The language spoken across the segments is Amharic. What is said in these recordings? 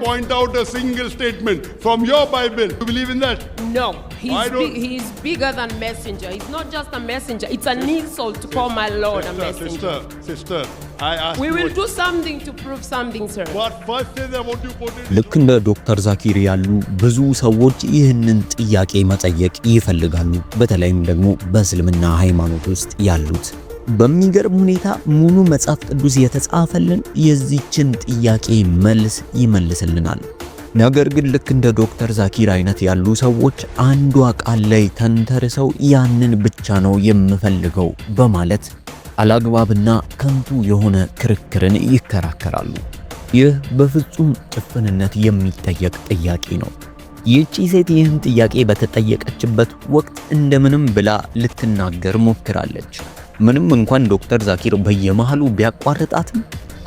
Point out a single statement from your Bible. You believe in that? No, he's, I don't... big, he's bigger than messenger. He's not just a messenger. It's an sister, insult to call my Lord sister, a messenger. Sister, sister, I ask We will do something to prove something, sir. What first thing I want you put it. ልክ እንደ ዶክተር ዛኪር ያሉ ብዙ ሰዎች ይህንን ጥያቄ መጠየቅ ይፈልጋሉ። በተለይም ደግሞ በእስልምና ሃይማኖት ውስጥ ያሉት በሚገርም ሁኔታ ሙሉ መጽሐፍ ቅዱስ የተጻፈልን የዚችን ጥያቄ መልስ ይመልስልናል። ነገር ግን ልክ እንደ ዶክተር ዛኪር አይነት ያሉ ሰዎች አንዷ ቃል ላይ ተንተርሰው ያንን ብቻ ነው የምፈልገው በማለት አላግባብና ከንቱ የሆነ ክርክርን ይከራከራሉ። ይህ በፍጹም ጭፍንነት የሚጠየቅ ጥያቄ ነው። ይህቺ ሴት ይህን ጥያቄ በተጠየቀችበት ወቅት እንደምንም ብላ ልትናገር ሞክራለች። ምንም እንኳን ዶክተር ዛኪር በየመሃሉ ቢያቋርጣትም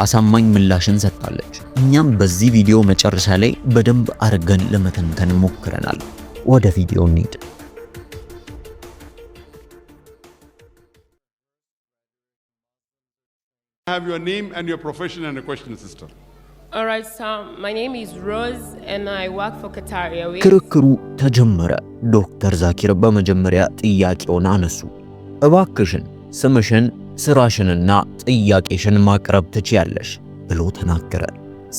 አሳማኝ ምላሽን ሰጥታለች። እኛም በዚህ ቪዲዮ መጨረሻ ላይ በደንብ አርገን ለመተንተን ሞክረናል። ወደ ቪዲዮ እንሂድ። Have your name and your profession and a question, sister. All right, so My name is Rose and I work for Qatar Airways. ክርክሩ ተጀመረ። ዶክተር ዛኪር በመጀመሪያ ጥያቄውን አነሱ። እባክሽን ስምሽን፣ ስራሽንና ጥያቄሽን ማቅረብ ትችያለሽ ብሎ ተናገረ።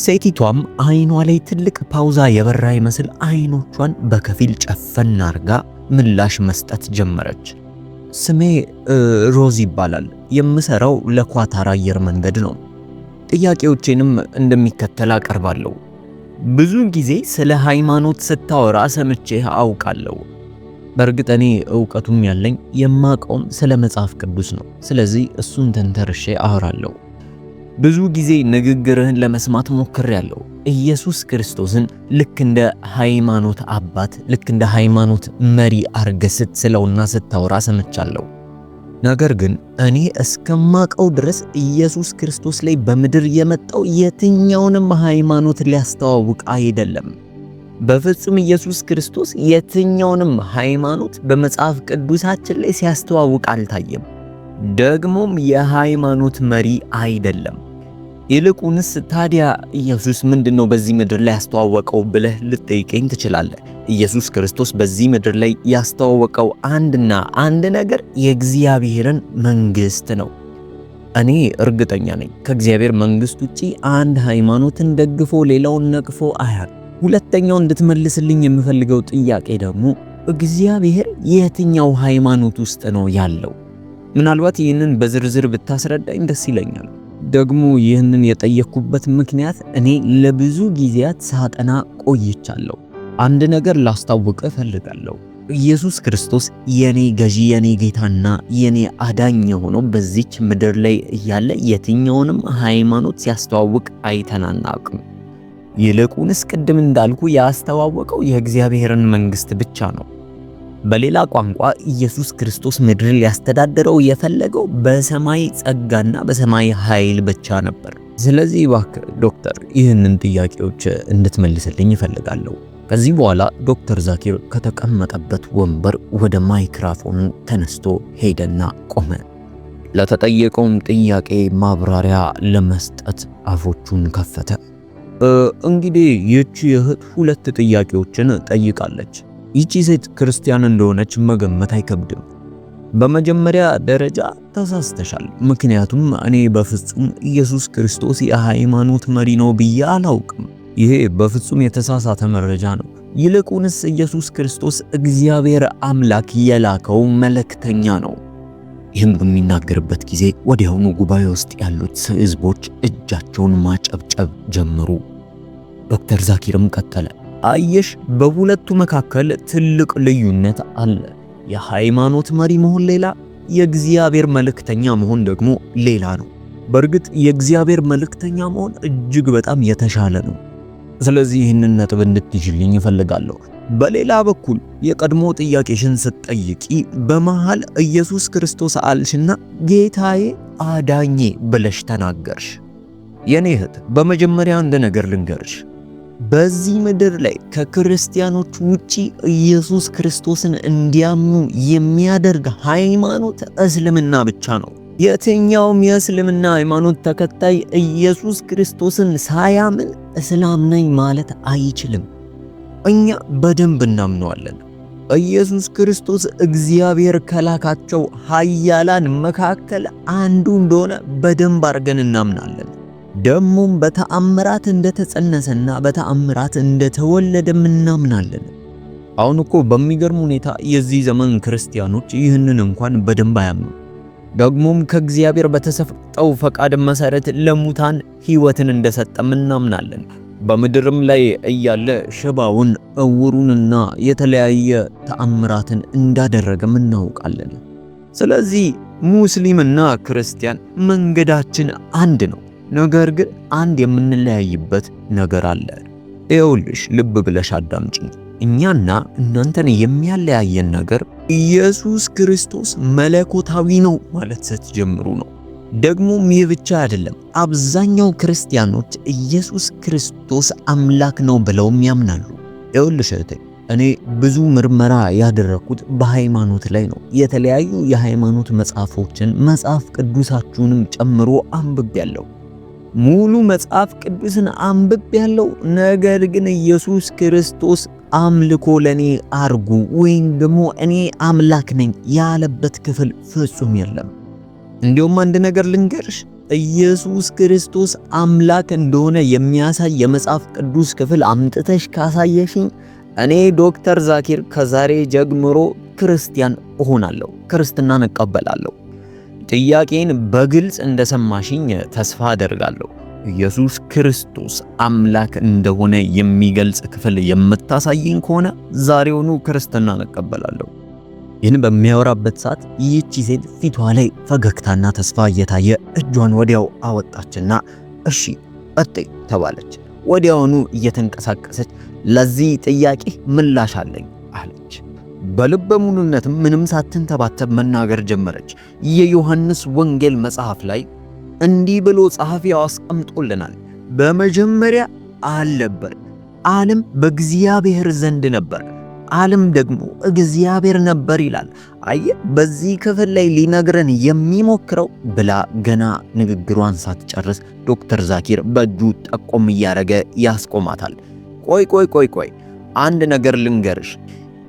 ሴቲቷም አይኗ ላይ ትልቅ ፓውዛ የበራ ይመስል አይኖቿን በከፊል ጨፈን አርጋ ምላሽ መስጠት ጀመረች። ስሜ ሮዝ ይባላል። የምሰራው ለኳታር አየር መንገድ ነው። ጥያቄዎቼንም እንደሚከተል አቀርባለሁ። ብዙ ጊዜ ስለ ሃይማኖት ስታወራ ሰምቼህ አውቃለሁ። በእርግጥ እኔ እውቀቱም ያለኝ የማቀውም ስለ መጽሐፍ ቅዱስ ነው። ስለዚህ እሱን ተንተርሼ አወራለሁ። ብዙ ጊዜ ንግግርህን ለመስማት ሞክሬያለሁ። ኢየሱስ ክርስቶስን ልክ እንደ ሃይማኖት አባት፣ ልክ እንደ ሃይማኖት መሪ አርገ ስትስለውና ስታወራ ሰምቻለሁ። ነገር ግን እኔ እስከማቀው ድረስ ኢየሱስ ክርስቶስ ላይ በምድር የመጣው የትኛውንም ሃይማኖት ሊያስተዋውቅ አይደለም። በፍጹም ኢየሱስ ክርስቶስ የትኛውንም ሃይማኖት በመጽሐፍ ቅዱሳችን ላይ ሲያስተዋውቅ አልታየም። ደግሞም የሃይማኖት መሪ አይደለም። ይልቁንስ ታዲያ ኢየሱስ ምንድነው በዚህ ምድር ላይ ያስተዋወቀው ብለህ ልጠይቀኝ ትችላለህ። ኢየሱስ ክርስቶስ በዚህ ምድር ላይ ያስተዋወቀው አንድና አንድ ነገር የእግዚአብሔርን መንግሥት ነው። እኔ እርግጠኛ ነኝ ከእግዚአብሔር መንግሥት ውጪ አንድ ሃይማኖትን ደግፎ ሌላውን ነቅፎ አያውቅም። ሁለተኛው እንድትመልስልኝ የምፈልገው ጥያቄ ደግሞ እግዚአብሔር የትኛው ሃይማኖት ውስጥ ነው ያለው? ምናልባት ይህንን በዝርዝር ብታስረዳኝ ደስ ይለኛል። ደግሞ ይህንን የጠየቅኩበት ምክንያት እኔ ለብዙ ጊዜያት ሳጠና ቆይቻለሁ። አንድ ነገር ላስታውቅ እፈልጋለሁ። ኢየሱስ ክርስቶስ የኔ ገዢ የኔ ጌታና የኔ አዳኝ የሆነው በዚች ምድር ላይ እያለ የትኛውንም ሃይማኖት ሲያስተዋውቅ አይተናናቅም። ይልቁንስ ቅድም እንዳልኩ ያስተዋወቀው የእግዚአብሔርን መንግስት ብቻ ነው። በሌላ ቋንቋ ኢየሱስ ክርስቶስ ምድርን ሊያስተዳድረው የፈለገው በሰማይ ጸጋና በሰማይ ኃይል ብቻ ነበር። ስለዚህ እባክህ ዶክተር ይህንን ጥያቄዎች እንድትመልስልኝ እፈልጋለሁ። ከዚህ በኋላ ዶክተር ዛኪር ከተቀመጠበት ወንበር ወደ ማይክራፎኑ ተነስቶ ሄደና ቆመ። ለተጠየቀውም ጥያቄ ማብራሪያ ለመስጠት አፎቹን ከፈተ። እንግዲህ ይቺ እህት ሁለት ጥያቄዎችን ጠይቃለች። ይቺ ሴት ክርስቲያን እንደሆነች መገመት አይከብድም። በመጀመሪያ ደረጃ ተሳስተሻል፣ ምክንያቱም እኔ በፍጹም ኢየሱስ ክርስቶስ የሃይማኖት መሪ ነው ብዬ አላውቅም። ይሄ በፍጹም የተሳሳተ መረጃ ነው። ይልቁንስ ኢየሱስ ክርስቶስ እግዚአብሔር አምላክ የላከው መልእክተኛ ነው። ይህም በሚናገርበት ጊዜ ወዲያውኑ ጉባኤ ውስጥ ያሉት ህዝቦች እጃቸውን ማጨብጨብ ጀመሩ። ዶክተር ዛኪርም ቀጠለ፣ አየሽ በሁለቱ መካከል ትልቅ ልዩነት አለ። የሃይማኖት መሪ መሆን ሌላ፣ የእግዚአብሔር መልእክተኛ መሆን ደግሞ ሌላ ነው። በእርግጥ የእግዚአብሔር መልእክተኛ መሆን እጅግ በጣም የተሻለ ነው። ስለዚህ ይህንን ነጥብ እንድትይዥልኝ እፈልጋለሁ። በሌላ በኩል የቀድሞ ጥያቄሽን ስትጠይቂ በመሃል ኢየሱስ ክርስቶስ አልሽና ጌታዬ አዳኜ ብለሽ ተናገርሽ። የኔ እህት በመጀመሪያ አንድ ነገር ልንገርሽ። በዚህ ምድር ላይ ከክርስቲያኖች ውጪ ኢየሱስ ክርስቶስን እንዲያምኑ የሚያደርግ ሃይማኖት እስልምና ብቻ ነው። የትኛውም የእስልምና ሃይማኖት ተከታይ ኢየሱስ ክርስቶስን ሳያምን እስላም ነኝ ማለት አይችልም። እኛ በደንብ እናምነዋለን። ኢየሱስ ክርስቶስ እግዚአብሔር ከላካቸው ኃያላን መካከል አንዱ እንደሆነ በደንብ አድርገን እናምናለን። ደሙም በተአምራት እንደተጸነሰና በተአምራት እንደተወለደም እናምናለን። አሁን እኮ በሚገርም ሁኔታ የዚህ ዘመን ክርስቲያኖች ይህንን እንኳን በደንብ አያምኑ። ደግሞም ከእግዚአብሔር በተሰጠው ፈቃድ መሰረት ለሙታን ሕይወትን እንደሰጠም እናምናለን። በምድርም ላይ እያለ ሽባውን እውሩንና የተለያየ ተአምራትን እንዳደረገም እናውቃለን። ስለዚህ ሙስሊምና ክርስቲያን መንገዳችን አንድ ነው። ነገር ግን አንድ የምንለያይበት ነገር አለ። ይኸውልሽ ልብ ብለሽ አዳምጪ። እኛና እናንተን የሚያለያየን ነገር ኢየሱስ ክርስቶስ መለኮታዊ ነው ማለት ስትጀምሩ ነው። ደግሞም ይህ ብቻ አይደለም። አብዛኛው ክርስቲያኖች ኢየሱስ ክርስቶስ አምላክ ነው ብለውም ያምናሉ። ይኸውልሽ እህቴ እኔ ብዙ ምርመራ ያደረኩት በሃይማኖት ላይ ነው። የተለያዩ የሃይማኖት መጽሐፎችን መጽሐፍ ቅዱሳችሁንም ጨምሮ አንብብ ያለው ሙሉ መጽሐፍ ቅዱስን አንብብ ያለው። ነገር ግን ኢየሱስ ክርስቶስ አምልኮ ለኔ አርጉ ወይም ደግሞ እኔ አምላክ ነኝ ያለበት ክፍል ፍጹም የለም። እንዲሁም አንድ ነገር ልንገርሽ፣ ኢየሱስ ክርስቶስ አምላክ እንደሆነ የሚያሳይ የመጽሐፍ ቅዱስ ክፍል አምጥተሽ ካሳየሽኝ እኔ ዶክተር ዛኪር ከዛሬ ጀምሮ ክርስቲያን እሆናለሁ፣ ክርስትናን እቀበላለሁ። ጥያቄን በግልጽ እንደሰማሽኝ ተስፋ አደርጋለሁ። ኢየሱስ ክርስቶስ አምላክ እንደሆነ የሚገልጽ ክፍል የምታሳይኝ ከሆነ ዛሬውኑ ክርስትናን እቀበላለሁ። ይህን በሚያወራበት ሰዓት ይህቺ ሴት ፊቷ ላይ ፈገግታና ተስፋ እየታየ እጇን ወዲያው አወጣችና እሺ ቀጤ ተባለች። ወዲያውኑ እየተንቀሳቀሰች ለዚህ ጥያቄ ምላሽ አለኝ አለች። በልበ ሙሉነትም ምንም ሳትንተባተብ መናገር ጀመረች። የዮሐንስ ወንጌል መጽሐፍ ላይ እንዲህ ብሎ ጸሐፊው አስቀምጦልናል። በመጀመሪያ አል ነበር፣ ዓለም በእግዚአብሔር ዘንድ ነበር አለም ደግሞ እግዚአብሔር ነበር ይላል። አየ በዚህ ክፍል ላይ ሊነግረን የሚሞክረው ብላ ገና ንግግሯን ሳትጨርስ ዶክተር ዛኪር በእጁ ጠቆም እያደረገ ያስቆማታል። ቆይ ቆይ ቆይ ቆይ አንድ ነገር ልንገርሽ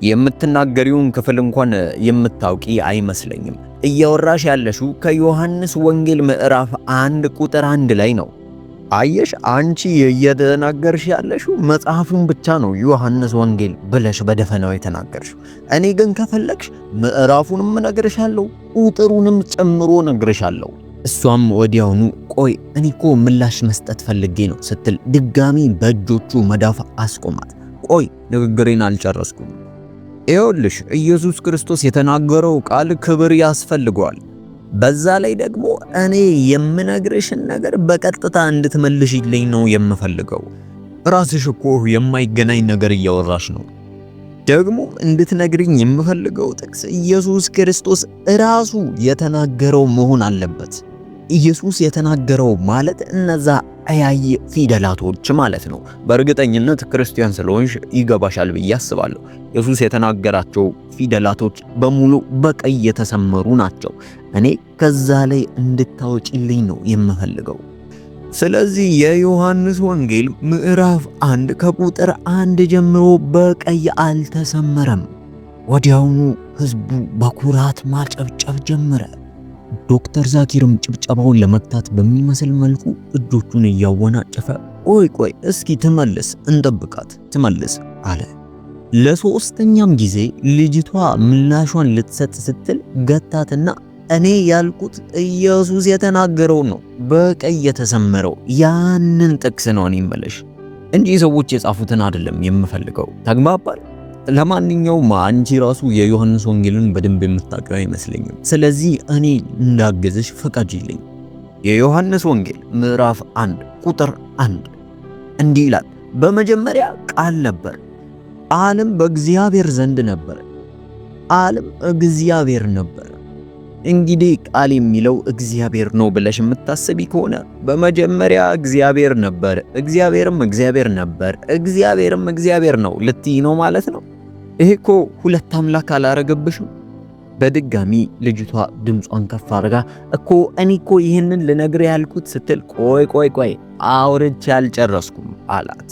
የምትናገሪውን ክፍል እንኳን የምታውቂ አይመስለኝም። እያወራሽ ያለሽው ከዮሐንስ ወንጌል ምዕራፍ አንድ ቁጥር አንድ ላይ ነው። አየሽ አንቺ እየተናገርሽ ያለሽው መጽሐፉን ብቻ ነው፣ ዮሐንስ ወንጌል ብለሽ በደፈናው የተናገርሽው። እኔ ግን ከፈለግሽ ምዕራፉንም እነግርሻለሁ፣ ቁጥሩንም ጨምሮ እነግርሻለሁ። እሷም ወዲያውኑ ቆይ እኔኮ ምላሽ መስጠት ፈልጌ ነው ስትል ድጋሚ በእጆቹ መዳፍ አስቆማት። ቆይ ንግግሬን አልጨረስኩም። ይኸውልሽ ኢየሱስ ክርስቶስ የተናገረው ቃል ክብር ያስፈልገዋል በዛ ላይ ደግሞ እኔ የምነግርሽን ነገር በቀጥታ እንድትመልሽልኝ ነው የምፈልገው። ራስሽ እኮ የማይገናኝ ነገር እያወራሽ ነው። ደግሞ እንድትነግርኝ የምፈልገው ጥቅስ ኢየሱስ ክርስቶስ ራሱ የተናገረው መሆን አለበት። ኢየሱስ የተናገረው ማለት እነዛ አያይ ፊደላቶች ማለት ነው። በእርግጠኝነት ክርስቲያን ስለሆንሽ ይገባሻል ብዬ አስባለሁ። ኢየሱስ የተናገራቸው ፊደላቶች በሙሉ በቀይ የተሰመሩ ናቸው። እኔ ከዛ ላይ እንድታወጪልኝ ነው የምፈልገው። ስለዚህ የዮሐንስ ወንጌል ምዕራፍ አንድ ከቁጥር አንድ ጀምሮ በቀይ አልተሰመረም። ወዲያውኑ ህዝቡ በኩራት ማጨብጨብ ጀመረ። ዶክተር ዛኪርም ጭብጨባውን ለመግታት በሚመስል መልኩ እጆቹን እያወናጨፈ ቆይ ቆይ እስኪ ትመልስ እንጠብቃት ትመልስ አለ። ለሶስተኛም ጊዜ ልጅቷ ምላሿን ልትሰጥ ስትል ገታትና እኔ ያልኩት ኢየሱስ የተናገረው ነው፣ በቀይ የተሰመረው ያንን ጥቅስ ነው እኔ የምልሽ እንጂ ሰዎች የጻፉትን አይደለም የምፈልገው። ተግባባል ለማንኛውም አንቺ ራሱ የዮሐንስ ወንጌልን በደንብ የምታውቂው አይመስለኝም። ስለዚህ እኔ እንዳገዝሽ ፈቃጅልኝ። የዮሐንስ ወንጌል ምዕራፍ 1 ቁጥር 1 እንዲህ ይላል፣ በመጀመሪያ ቃል ነበር፣ ዓለም በእግዚአብሔር ዘንድ ነበር፣ ዓለም እግዚአብሔር ነበር። እንግዲህ ቃል የሚለው እግዚአብሔር ነው ብለሽ የምታስቢ ከሆነ በመጀመሪያ እግዚአብሔር ነበር፣ እግዚአብሔርም እግዚአብሔር ነበር፣ እግዚአብሔርም እግዚአብሔር ነው ልትይ ነው ማለት ነው። ይሄ እኮ ሁለት አምላክ አላረገብሽም? በድጋሚ ልጅቷ ድምጿን ከፍ አድርጋ እኮ እኔ እኮ ይህንን ልነግር ያልኩት ስትል ቆይ ቆይ ቆይ አውርቼ አልጨረስኩም አላት።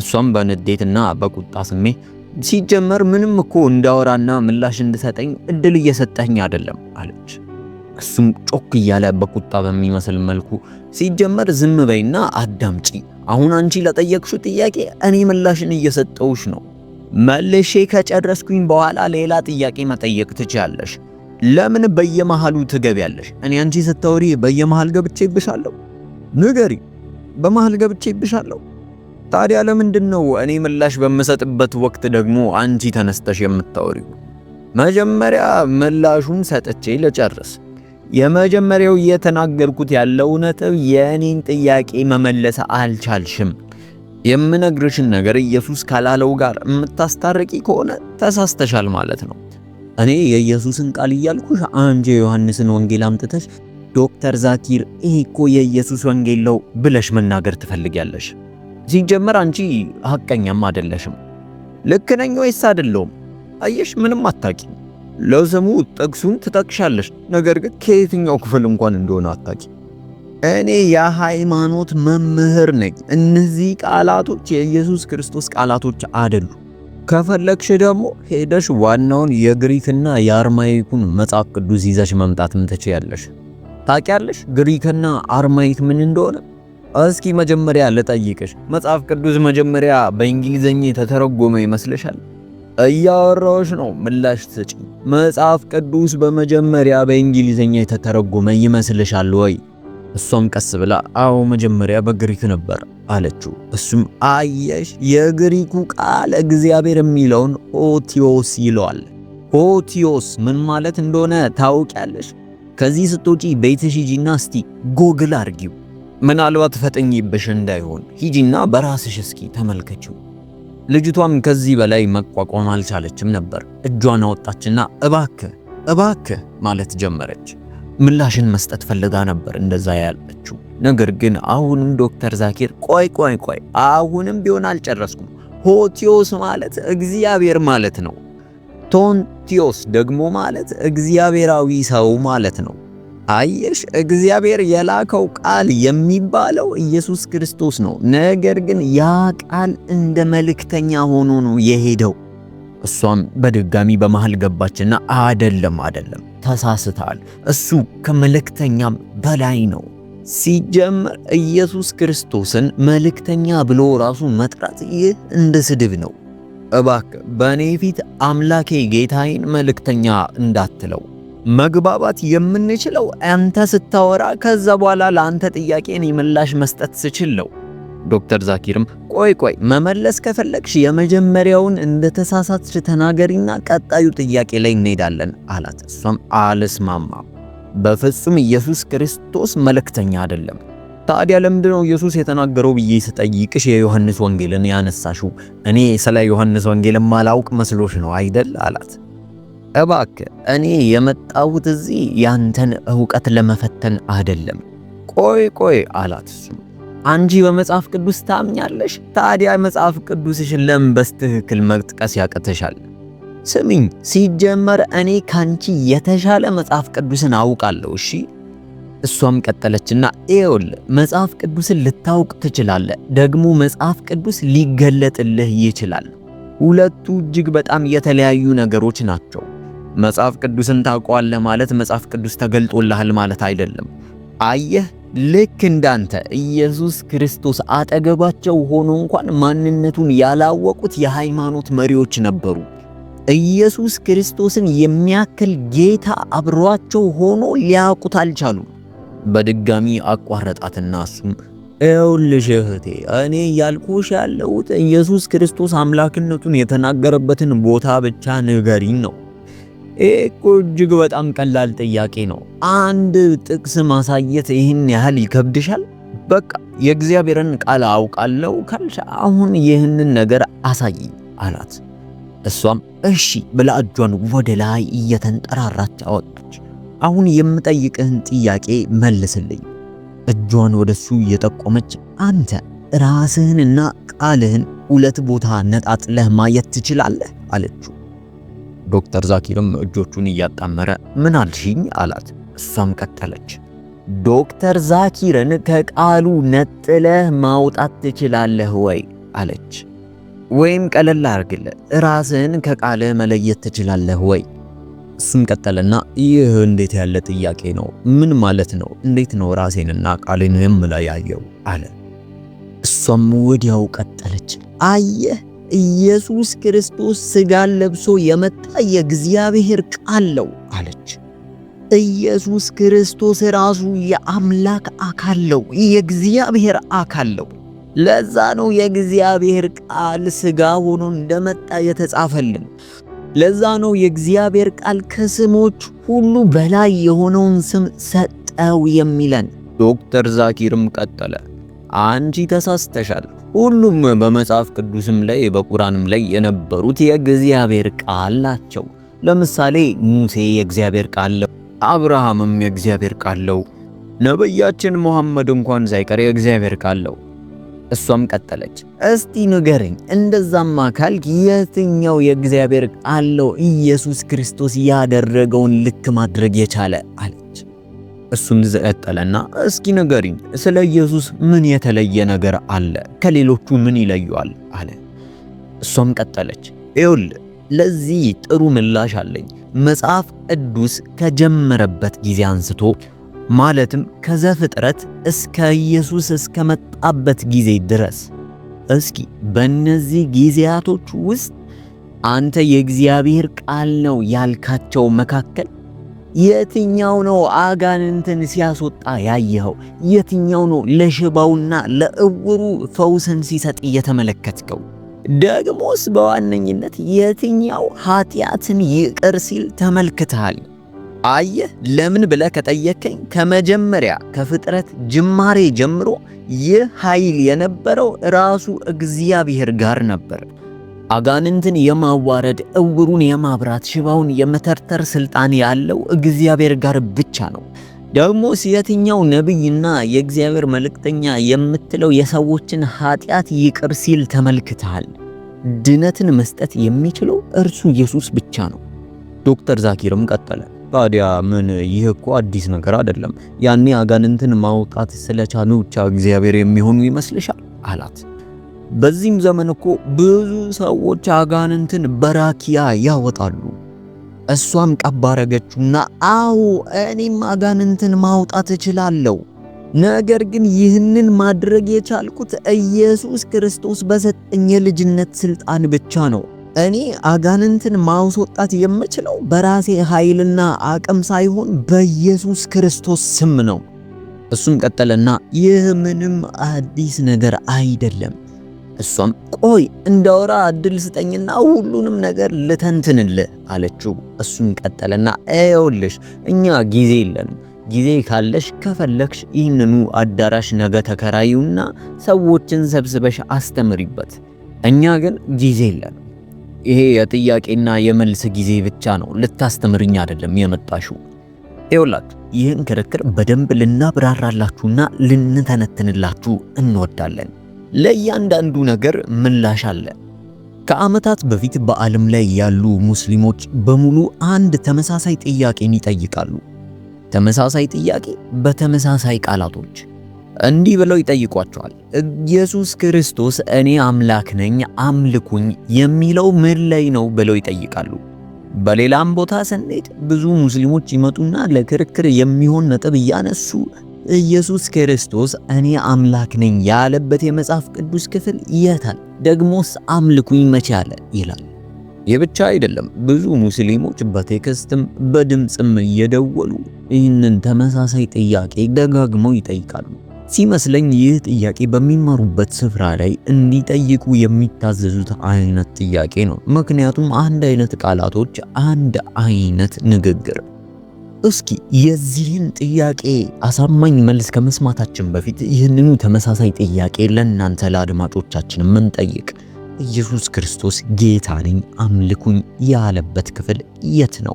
እሷም በንዴትና በቁጣ ስሜ ሲጀመር ምንም እኮ እንዳወራና ምላሽ እንድሰጠኝ እድል እየሰጠኝ አይደለም አለች። እሱም ጮክ እያለ በቁጣ በሚመስል መልኩ ሲጀመር ዝም በይና አዳምጪ፣ አሁን አንቺ ለጠየቅሹ ጥያቄ እኔ ምላሽን እየሰጠውሽ ነው መልሼ ከጨረስኩኝ በኋላ ሌላ ጥያቄ መጠየቅ ትችያለሽ። ለምን በየመሃሉ ትገቢያለሽ? እኔ አንቺ ስታወሪ በየመሃል ገብቼብሻለሁ? ንገሪ፣ በመሃል ገብቼብሻለሁ? ታዲያ ለምንድን ነው እኔ ምላሽ በምሰጥበት ወቅት ደግሞ አንቺ ተነስተሽ የምታወሪው? መጀመሪያ ምላሹን ሰጥቼ ልጨርስ። የመጀመሪያው እየተናገርኩት ያለው ነጥብ የእኔን ጥያቄ መመለስ አልቻልሽም የምነግርሽን ነገር ኢየሱስ ካላለው ጋር የምታስታርቂ ከሆነ ተሳስተሻል ማለት ነው። እኔ የኢየሱስን ቃል እያልኩሽ አንቺ የዮሐንስን ወንጌል አምጥተሽ ዶክተር ዛኪር ይሄ እኮ የኢየሱስ ወንጌል ነው ብለሽ መናገር ትፈልጊያለሽ። ሲጀመር አንቺ ሐቀኛም አይደለሽም። ልክ ነኝ ወይስ አይደለሁም? አየሽ፣ ምንም አታቂ። ለስሙ ጥቅሱን ትጠቅሻለሽ፣ ነገር ግን ከየትኛው ክፍል እንኳን እንደሆነ አታቂ። እኔ የሃይማኖት መምህር ነኝ። እነዚህ ቃላቶች የኢየሱስ ክርስቶስ ቃላቶች አይደሉ። ከፈለግሽ ደግሞ ሄደሽ ዋናውን የግሪክና የአርማይኩን መጽሐፍ ቅዱስ ይዘሽ መምጣትም ትችያለሽ። ታውቂያለሽ ግሪክና አርማይክ ምን እንደሆነ? እስኪ መጀመሪያ ልጠይቅሽ፣ መጽሐፍ ቅዱስ መጀመሪያ በእንግሊዝኛ የተተረጎመ ይመስልሻል? እያወራዎች ነው፣ ምላሽ ስጪ። መጽሐፍ ቅዱስ በመጀመሪያ በእንግሊዘኛ የተተረጎመ ይመስልሻል ወይ? እሷም ቀስ ብላ አዎ መጀመሪያ በግሪኩ ነበር አለችው። እሱም አየሽ፣ የግሪኩ ቃል እግዚአብሔር የሚለውን ኦቲዮስ ይለዋል። ኦቲዮስ ምን ማለት እንደሆነ ታውቂያለሽ? ከዚህ ስትወጪ ቤትሽ ሂጂና እስቲ ጎግል አርጊው። ምናልባት ፈጥኝብሽ እንዳይሆን ሂጂና በራስሽ እስኪ ተመልከችው። ልጅቷም ከዚህ በላይ መቋቋም አልቻለችም ነበር። እጇን አወጣችና እባክ እባክ ማለት ጀመረች። ምላሽን መስጠት ፈልጋ ነበር እንደዛ ያለችው። ነገር ግን አሁንም ዶክተር ዛኪር ቆይ ቆይ ቆይ፣ አሁንም ቢሆን አልጨረስኩም። ሆቲዮስ ማለት እግዚአብሔር ማለት ነው። ቶንቲዮስ ደግሞ ማለት እግዚአብሔራዊ ሰው ማለት ነው። አየሽ እግዚአብሔር የላከው ቃል የሚባለው ኢየሱስ ክርስቶስ ነው። ነገር ግን ያ ቃል እንደ መልእክተኛ ሆኖ ነው የሄደው። እሷም በድጋሚ በመሃል ገባችና አደለም አደለም ተሳስተሃል፣ እሱ ከመልእክተኛም በላይ ነው። ሲጀምር ኢየሱስ ክርስቶስን መልእክተኛ ብሎ ራሱ መጥራት ይህ እንደ ስድብ ነው። እባክ በእኔ ፊት አምላኬ ጌታዬን መልእክተኛ እንዳትለው። መግባባት የምንችለው አንተ ስታወራ ከዛ በኋላ ለአንተ ጥያቄን የምላሽ መስጠት ስችል ነው። ዶክተር ዛኪርም ቆይ ቆይ መመለስ ከፈለግሽ የመጀመሪያውን እንደተሳሳትሽ ተናገሪና ቀጣዩ ጥያቄ ላይ እንሄዳለን አላት። እሷም አልስማማም። በፍጹም ኢየሱስ ክርስቶስ መልእክተኛ አይደለም። ታዲያ ለምንድነው ኢየሱስ የተናገረው ብዬ ስጠይቅሽ የዮሐንስ ወንጌልን ያነሳሽው? እኔ ስለ ዮሐንስ ወንጌል ማላውቅ መስሎሽ ነው አይደል? አላት። እባክ እኔ የመጣሁት እዚህ ያንተን እውቀት ለመፈተን አይደለም። ቆይ ቆይ አላት እሱም አንጂ በመጽሐፍ ቅዱስ ታምኛለሽ? ታዲያ መጽሐፍ ቅዱስሽን ለምን በስትክክል መጥቀስ ያቀተሻል? ስሚኝ፣ ሲጀመር እኔ ካንቺ የተሻለ መጽሐፍ ቅዱስን አውቃለሁ። እሺ። እሷም ቀጠለችና ኤውል መጽሐፍ ቅዱስን ልታውቅ ትችላለህ፣ ደግሞ መጽሐፍ ቅዱስ ሊገለጥልህ ይችላል። ሁለቱ እጅግ በጣም የተለያዩ ነገሮች ናቸው። መጽሐፍ ቅዱስን ታውቀዋለህ ማለት መጽሐፍ ቅዱስ ተገልጦልሃል ማለት አይደለም። አየህ ልክ እንዳንተ ኢየሱስ ክርስቶስ አጠገባቸው ሆኖ እንኳን ማንነቱን ያላወቁት የሃይማኖት መሪዎች ነበሩ። ኢየሱስ ክርስቶስን የሚያክል ጌታ አብሯቸው ሆኖ ሊያውቁት አልቻሉም። በድጋሚ አቋረጣትና እሱም ይኸውልሽ እህቴ እኔ ያልኩሽ ያለሁት ኢየሱስ ክርስቶስ አምላክነቱን የተናገረበትን ቦታ ብቻ ንገሪን ነው ይህ እኮ እጅግ በጣም ቀላል ጥያቄ ነው። አንድ ጥቅስ ማሳየት ይህን ያህል ይከብድሻል? በቃ የእግዚአብሔርን ቃል አውቃለሁ ካልሽ አሁን ይህንን ነገር አሳይ አላት። እሷም እሺ ብላ እጇን ወደ ላይ እየተንጠራራች አወጣች። አሁን የምጠይቅህን ጥያቄ መልስልኝ። እጇን ወደሱ እየጠቆመች አንተ ራስህንና ቃልህን ሁለት ቦታ ነጣጥለህ ማየት ትችላለህ አለችው። ዶክተር ዛኪርም እጆቹን እያጣመረ ምን አልሽኝ አላት። እሷም ቀጠለች። ዶክተር ዛኪርን ከቃሉ ነጥለህ ማውጣት ትችላለህ ወይ አለች። ወይም ቀለል አድርግልህ ራስህን ከቃል መለየት ትችላለህ ወይ? እሱም ቀጠለና ይህ እንዴት ያለ ጥያቄ ነው? ምን ማለት ነው? እንዴት ነው ራሴንና ቃሌን የምለያየው? አለ። እሷም ወዲያው ቀጠለች፣ አየህ ኢየሱስ ክርስቶስ ሥጋን ለብሶ የመጣ የእግዚአብሔር ቃል ነው አለች። ኢየሱስ ክርስቶስ ራሱ የአምላክ አካል ነው፣ የእግዚአብሔር አካል ነው። ለዛ ነው የእግዚአብሔር ቃል ሥጋ ሆኖ እንደመጣ የተጻፈልን። ለዛ ነው የእግዚአብሔር ቃል ከስሞች ሁሉ በላይ የሆነውን ስም ሰጠው የሚለን። ዶክተር ዛኪርም ቀጠለ፣ አንቺ ተሳስተሻል ሁሉም በመጽሐፍ ቅዱስም ላይ በቁርአንም ላይ የነበሩት የእግዚአብሔር ቃል ናቸው። ለምሳሌ ሙሴ የእግዚአብሔር ቃል ነው። አብርሃምም የእግዚአብሔር ቃል ነው። ነቢያችን መሐመድ እንኳን ሳይቀር የእግዚአብሔር ቃል ነው። እሷም ቀጠለች፣ እስቲ ንገረኝ፣ እንደዛማ ካልክ የትኛው የእግዚአብሔር ቃል ነው ኢየሱስ ክርስቶስ ያደረገውን ልክ ማድረግ የቻለ አለ። እሱም ዘጠለና እስኪ ንገሪኝ፣ ስለ ኢየሱስ ምን የተለየ ነገር አለ? ከሌሎቹ ምን ይለየዋል? አለ። እሷም ቀጠለች፣ ይውል ለዚህ ጥሩ ምላሽ አለኝ። መጽሐፍ ቅዱስ ከጀመረበት ጊዜ አንስቶ ማለትም ከዘፍጥረት እስከ ኢየሱስ እስከመጣበት ጊዜ ድረስ እስኪ በእነዚህ ጊዜያቶች ውስጥ አንተ የእግዚአብሔር ቃል ነው ያልካቸው መካከል የትኛው ነው አጋንንትን ሲያስወጣ ያየኸው? የትኛው ነው ለሽባውና ለእውሩ ፈውስን ሲሰጥ እየተመለከትከው? ደግሞስ በዋነኝነት የትኛው ኃጢአትን ይቅር ሲል ተመልክተሃል? አየህ ለምን ብለህ ከጠየከኝ ከመጀመሪያ ከፍጥረት ጅማሬ ጀምሮ ይህ ኃይል የነበረው ራሱ እግዚአብሔር ጋር ነበር። አጋንንትን የማዋረድ እውሩን የማብራት ሽባውን የመተርተር ስልጣን ያለው እግዚአብሔር ጋር ብቻ ነው። ደግሞስ የትኛው ነቢይና የእግዚአብሔር መልእክተኛ የምትለው የሰዎችን ኃጢአት ይቅር ሲል ተመልክተሃል? ድነትን መስጠት የሚችለው እርሱ ኢየሱስ ብቻ ነው። ዶክተር ዛኪርም ቀጠለ። ታዲያ ምን ይህ እኮ አዲስ ነገር አይደለም። ያኔ አጋንንትን ማውጣት ስለቻሉ ብቻ እግዚአብሔር የሚሆኑ ይመስልሻል? አላት። በዚህም ዘመን እኮ ብዙ ሰዎች አጋንንትን በራኪያ ያወጣሉ። እሷም ቀባረገችውና አረገችውና አዎ እኔም አጋንንትን ማውጣት እችላለሁ፣ ነገር ግን ይህንን ማድረግ የቻልኩት ኢየሱስ ክርስቶስ በሰጠኝ የልጅነት ስልጣን ብቻ ነው። እኔ አጋንንትን ማስወጣት የምችለው በራሴ ኃይልና አቅም ሳይሆን በኢየሱስ ክርስቶስ ስም ነው። እሱም ቀጠለና ይህ ምንም አዲስ ነገር አይደለም እሷም ቆይ እንዳወራ እድል ስጠኝና ሁሉንም ነገር ልተንትንል አለችው። እሱም ቀጠለና ይኸውልሽ እኛ ጊዜ የለንም። ጊዜ ካለሽ ከፈለግሽ ይህንኑ አዳራሽ ነገ ተከራዩና ሰዎችን ሰብስበሽ አስተምሪበት። እኛ ግን ጊዜ የለንም። ይሄ የጥያቄና የመልስ ጊዜ ብቻ ነው። ልታስተምርኝ አይደለም የመጣሽው። ይኸውላችሁ ይህን ክርክር በደንብ ልናብራራላችሁና ልንተነትንላችሁ እንወዳለን። ለእያንዳንዱ ነገር ምላሽ አለ። ከዓመታት በፊት በዓለም ላይ ያሉ ሙስሊሞች በሙሉ አንድ ተመሳሳይ ጥያቄን ይጠይቃሉ። ተመሳሳይ ጥያቄ በተመሳሳይ ቃላቶች እንዲህ ብለው ይጠይቋቸዋል። ኢየሱስ ክርስቶስ እኔ አምላክ ነኝ አምልኩኝ የሚለው ምን ላይ ነው ብለው ይጠይቃሉ። በሌላም ቦታ ስንሄድ ብዙ ሙስሊሞች ይመጡና ለክርክር የሚሆን ነጥብ እያነሱ ኢየሱስ ክርስቶስ እኔ አምላክ ነኝ ያለበት የመጽሐፍ ቅዱስ ክፍል የታል? ደግሞስ አምልኩኝ መቼ አለ ይላል። የብቻ አይደለም። ብዙ ሙስሊሞች በቴክስትም በድምፅም እየደወሉ ይህንን ተመሳሳይ ጥያቄ ደጋግመው ይጠይቃሉ። ሲመስለኝ ይህ ጥያቄ በሚማሩበት ስፍራ ላይ እንዲጠይቁ የሚታዘዙት አይነት ጥያቄ ነው። ምክንያቱም አንድ አይነት ቃላቶች፣ አንድ አይነት ንግግር እስኪ የዚህን ጥያቄ አሳማኝ መልስ ከመስማታችን በፊት ይህንኑ ተመሳሳይ ጥያቄ ለእናንተ ለአድማጮቻችን የምንጠይቅ ኢየሱስ ክርስቶስ ጌታ ነኝ አምልኩኝ ያለበት ክፍል የት ነው?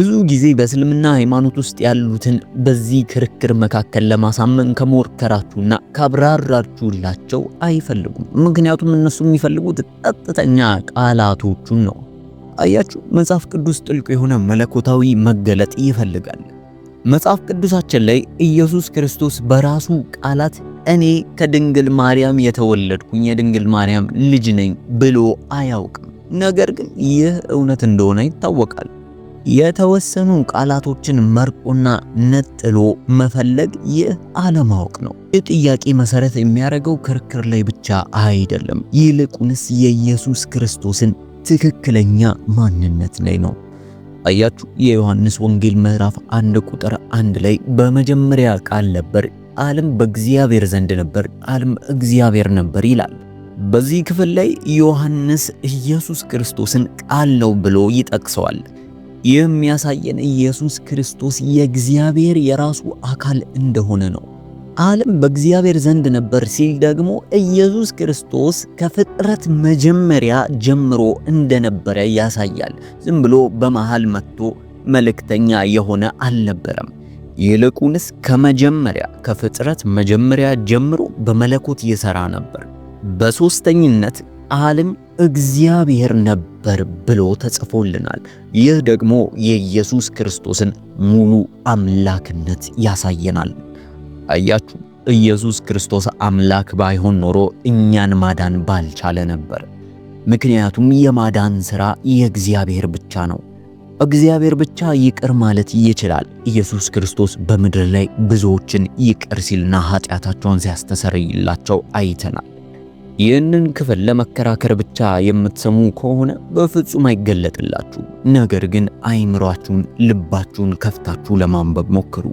ብዙ ጊዜ በእስልምና ሃይማኖት ውስጥ ያሉትን በዚህ ክርክር መካከል ለማሳመን ከሞከራችሁና ካብራራችሁላቸው አይፈልጉም። ምክንያቱም እነሱ የሚፈልጉት ቀጥተኛ ቃላቶቹን ነው። አያችሁ፣ መጽሐፍ ቅዱስ ጥልቁ የሆነ መለኮታዊ መገለጥ ይፈልጋል። መጽሐፍ ቅዱሳችን ላይ ኢየሱስ ክርስቶስ በራሱ ቃላት እኔ ከድንግል ማርያም የተወለድኩኝ የድንግል ማርያም ልጅ ነኝ ብሎ አያውቅም። ነገር ግን ይህ እውነት እንደሆነ ይታወቃል። የተወሰኑ ቃላቶችን መርቆና ነጥሎ መፈለግ ይህ አለማወቅ ነው። ይህ ጥያቄ መሰረት የሚያደርገው ክርክር ላይ ብቻ አይደለም፣ ይልቁንስ የኢየሱስ ክርስቶስን ትክክለኛ ማንነት ላይ ነው። አያችሁ፣ የዮሐንስ ወንጌል ምዕራፍ አንድ ቁጥር አንድ ላይ በመጀመሪያ ቃል ነበር፣ ዓለም በእግዚአብሔር ዘንድ ነበር፣ ዓለም እግዚአብሔር ነበር ይላል። በዚህ ክፍል ላይ ዮሐንስ ኢየሱስ ክርስቶስን ቃል ነው ብሎ ይጠቅሰዋል። ይህ የሚያሳየን ኢየሱስ ክርስቶስ የእግዚአብሔር የራሱ አካል እንደሆነ ነው። ዓለም በእግዚአብሔር ዘንድ ነበር ሲል ደግሞ ኢየሱስ ክርስቶስ ከፍጥረት መጀመሪያ ጀምሮ እንደነበረ ያሳያል። ዝም ብሎ በመሃል መጥቶ መልእክተኛ የሆነ አልነበረም። ይልቁንስ ከመጀመሪያ ከፍጥረት መጀመሪያ ጀምሮ በመለኮት ይሰራ ነበር። በሶስተኝነት ዓለም እግዚአብሔር ነበር ብሎ ተጽፎልናል። ይህ ደግሞ የኢየሱስ ክርስቶስን ሙሉ አምላክነት ያሳየናል። አያችሁ፣ ኢየሱስ ክርስቶስ አምላክ ባይሆን ኖሮ እኛን ማዳን ባልቻለ ነበር። ምክንያቱም የማዳን ሥራ የእግዚአብሔር ብቻ ነው። እግዚአብሔር ብቻ ይቅር ማለት ይችላል። ኢየሱስ ክርስቶስ በምድር ላይ ብዙዎችን ይቅር ሲልና ኃጢአታቸውን ሲያስተሰርይላቸው አይተናል። ይህንን ክፍል ለመከራከር ብቻ የምትሰሙ ከሆነ በፍጹም አይገለጥላችሁ። ነገር ግን አይምሯችሁን ልባችሁን ከፍታችሁ ለማንበብ ሞክሩ።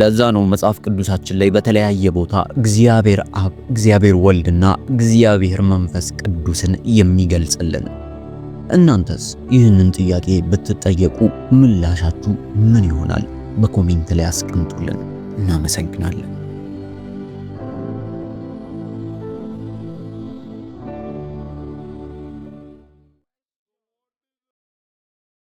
ለዛ ነው መጽሐፍ ቅዱሳችን ላይ በተለያየ ቦታ እግዚአብሔር አብ፣ እግዚአብሔር ወልድና እግዚአብሔር መንፈስ ቅዱስን የሚገልጽልን። እናንተስ ይህንን ጥያቄ ብትጠየቁ ምላሻችሁ ምን ይሆናል? በኮሜንት ላይ አስቀምጡልን። እናመሰግናለን።